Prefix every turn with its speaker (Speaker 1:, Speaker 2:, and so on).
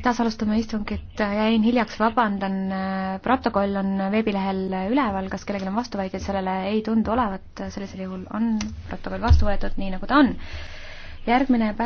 Speaker 1: taas alustame istungit, jäin hiljaks, vabandan, protokoll on veebilehel üleval, kas kellelgi on vastuväiteid sellele, ei tundu olevat, sellisel juhul on protokoll vastu võetud, nii nagu ta on. järgmine päev